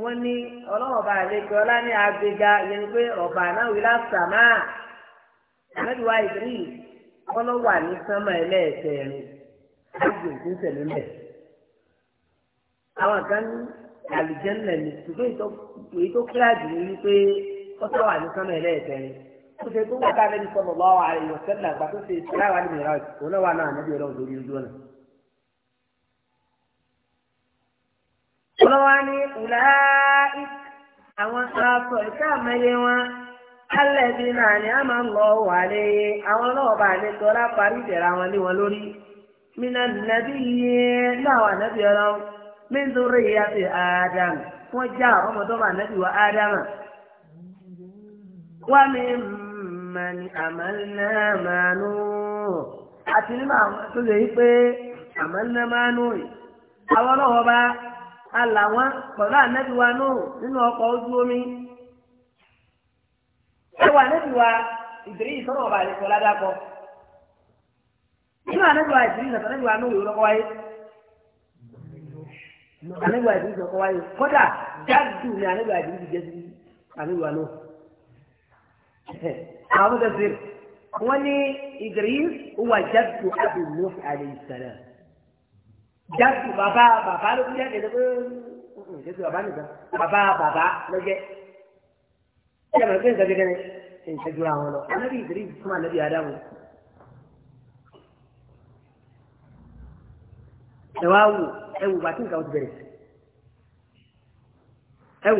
wọ́n ní ọlọ́mọba àlejò ọlá ní agbèga yẹn pé ọ̀bà náà wí lásàmà mẹ́tìwá ìdírí ọlọ́wà ní sánmà ẹlẹ́ẹ̀kẹrin àjò ìdíńsẹ̀ lónìí. àwọn kan ní àlùjẹ́nlẹ̀ ni ṣùgbọ́n èyí tó kíláàdì ni wípé ọ̀sẹ̀ wà ní sánà ẹlẹ́ẹ̀kẹrin ó ṣe tó wọ́n dáná ní sọ́nà lọ́wọ́ àìyàn sẹ́lẹ̀ àgbà tó ṣe ìṣẹ́láwà ní mìíràn òun náà wà náà ànábì ọlọ́run lórí ojú ọ̀nà. ọlọ́wọ́ ní ìlà àwọn aṣọ ìṣe àmọ́lé wọn alẹ́ bí náà ni a máa ń lọ wà lé àwọn náà bá tọ́lá parí ìdẹ̀ra wọn lé wọn lórí mí náà nàbí yìí náà wà nàbí min dhurriyyati adam wọ́n já ọmọdọ́mọ ànábì wa ádámà wa mimman amalna ma'a Nuh àti nínú àwọn tó lè yí pé amalna ma'a Nuh yìí àwọn ọlọ́wọ́ bá alà wọn pẹ̀lú ànábì wa Nuh nínú ọkọ̀ ojú omi ẹ wà ànábì wa ìdírí ìsọ́nà ọba àlejò ládàkọ nínú ànábì wa ìdírí ìsọ́nà ànábì wa Nuh àníwá ìdílé sọ̀kọ́ wáyé kọ́dà dájú ni àníwá ìdílé ti jẹ́ sí àníwá náà. àwọn ọmọdé ṣe wọ́n ní Idris wà jáde àbí Nuh alayhi salam. jáde bàbá bàbá ló fi jáde lọ́wọ́ jésù bàbá nìkan bàbá bàbá lọ́jẹ́. ṣé àmọ́ ìgbésẹ̀ gẹ́gẹ́ ni ìṣẹ́jú àwọn lọ. ànábì Idris Adamu. ẹ wò. ewu wò bàtí nǹkan ó ti bẹ̀rẹ̀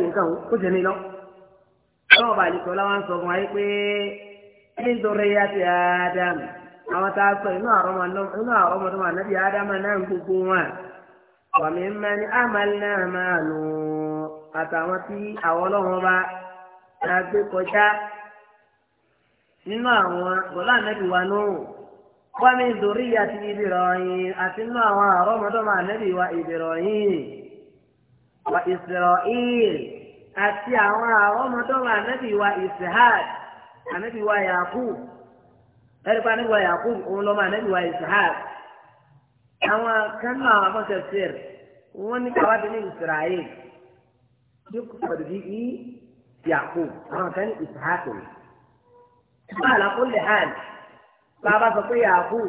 nǹkan ó ní lọ ọlọ́wọ́ bá àlejò ọlá sọ fún wa yìí pé ya ti àwọn tá a sọ inú àrọ́mọdọ́mọ ànábì adam náà ń gbogbo wọn wàmí mẹ́ni àmàlí náà máa lò àtàwọn tí àwọn ọlọ́wọ́ bá ta gbé kọjá nínú àwọn ومن ذرية إبراهيم أتمنى وأرمض مع النبي وإبراهيم وإسرائيل أتي وأرمض مع النبي وإسحاق النبي ويعقوب ẹ̀rìkọ́ ànábì wa Yakub òun lọ́mọ ànábì wa Ishaq àwọn kan náà àwọn afọ́sẹ̀sẹ̀r wọ́n ní káwá bí ní Israel yókù pẹ̀lú bí i Yakub àwọn kan ní Ishaq rẹ̀. bàbá sọ pé yàgò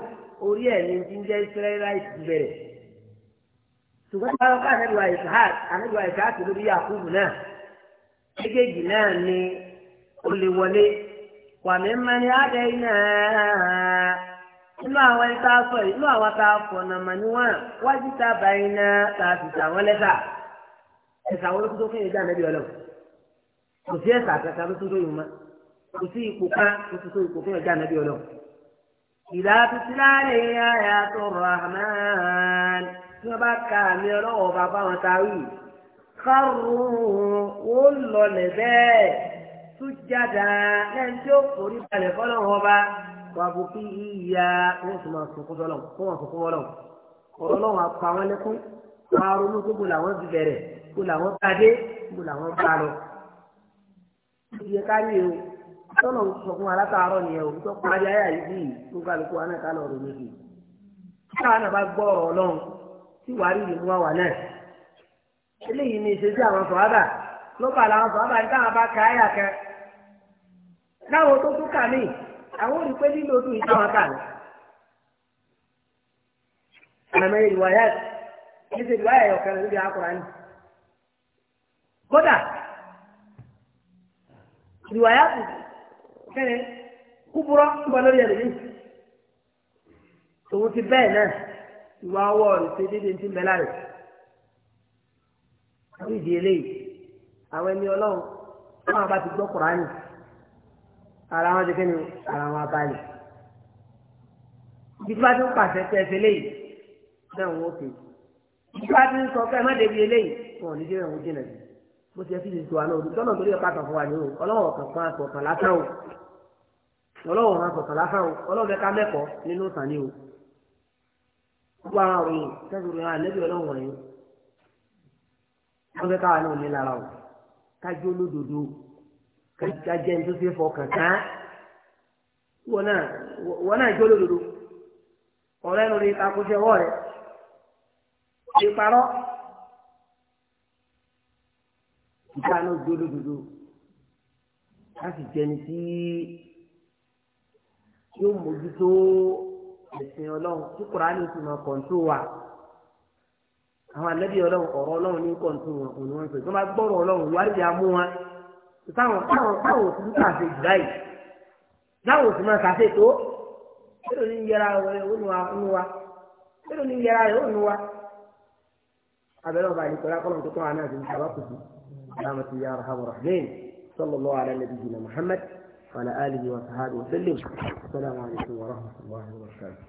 orí ẹ̀ ní ti ń jẹ́ israelite bẹ̀rẹ̀ ṣùgbọ́n báwọn ká ànábìwá ìṣáàt ànábìwá ìṣáàt lórí yàgò náà méjèèjì náà ni ó lè wọlé wàmí mẹ́rin adé náà inú àwọn ẹni tá a sọ yìí inú àwọn tá a fọ̀ nàmà níwọ̀n wájú tá a bá yín náà tá a sì sàwọn lẹ́tà ẹ̀sà wọn ló tún tó fún yín dá ànábì ọlọ́run kò sí ẹ̀sà kankan ló tún tó yín mọ́ kò sí ipò kan ló tún tó ipò fún yín dá ànábì ọlọ́run ìdá tuntun láàrin àyà tó rahman tí wọ́n bá ka àmì ọlọ́wọ́ bàbá wọn táwí kárùn-ún ó lọlẹ̀ bẹ́ẹ̀ tó jáda lẹ́yìn tí ó forí balẹ̀ fọlọ́wọ́ bá wà bó kí ìyá wọ́n tún máa tọ́lọ̀ ń sọ fún alátàárọ̀ nìyẹn òun tó parí ayé àyíbí tó kálukú wa náà ká lọ rò méjì káà náà bá gbọ́ ọ̀rọ̀ ọlọ́run tí wàá rí ìlú wa wà náà eléyìí ni ìṣesí àwọn sọ̀hábà ló bá làwọn sọ̀hábà ní táwọn bá ka ayà kan láwọn tó tún kà mí àwọn ò rí pé lílo tún ìtàwọn kà mí. àmọ́ ìwàyà níṣẹ́ ìwà ẹ̀yọ̀ kan níbi àkùránì kódà ìwàyà kù kẹ́ni kúburọ́ ń bọ̀ lórí ẹ̀rọ yìí tòun ti bẹ́ẹ̀ náà ìwà ọwọ́ rẹ̀ ṣe déédéé ti mẹ́lá rẹ̀ àwọn ìdí eléyìí àwọn ẹni ọlọ́run wọn àbá ti gbọ́ kùránì ara wọn ti kí ni ara wọn abalẹ̀ ibi tí wọ́n ti ń pàṣẹ pé ẹsẹ̀ eléyìí bẹ́ẹ̀ wọ́n fi ibi tí wọ́n ti ń sọ pé ẹ má débi eléyìí wọn ò ní dé ẹ̀wọ̀n jìnnà bó ti ẹ fi lè tó àná òdu tọ́nà torí ẹ̀ pàtàkì fún ní o ọlọ́run ọ̀kan kan àtọ̀kan lásán o ọlọ́wọ́ máa sọ̀tàn lásán o ká mẹ́kọ̀ọ́ nínú ìtàn o gbogbo àwọn òyìn sẹ́gun rẹ̀ àlẹ́bí ọlọ́wọ́ rẹ̀ wọ́n fẹ́ káwa náà ní lára o kájú olódodo kájẹ́ ní tó ṣe fọkàn tán wọn náà wọn náà jó olódodo ọ̀rẹ́ nu rí kakúṣe ọwọ́ rẹ̀ ìparọ́ ìparọ́ jó olódodo láti jẹni tí yóò mójútó ẹ̀sìn ọlọ́run tí kùránì sì máa kọ̀ǹtò wa àwọn ànábì ọlọ́run ọ̀rọ̀ ọlọ́run ní kọ̀ǹtò wọn òun ni wọ́n sọ ìjọba gbọ́rọ̀ ọlọ́run wárí amú wọn táwọn táwọn táwọn òsì ń kàṣe jù láì láwọn òsì máa kàṣe tó kérò ní yẹra rẹ ònùwa ònùwa kérò ní yẹra rẹ ònùwa abẹ́rẹ́ ọba àdìkọ́lá kọ́lọ̀ tó tọ́ àná àti ìjọba kùtù àlámàtì yàrá hàmùrà وعلى آله وصحبه وسلم السلام عليكم ورحمة الله وبركاته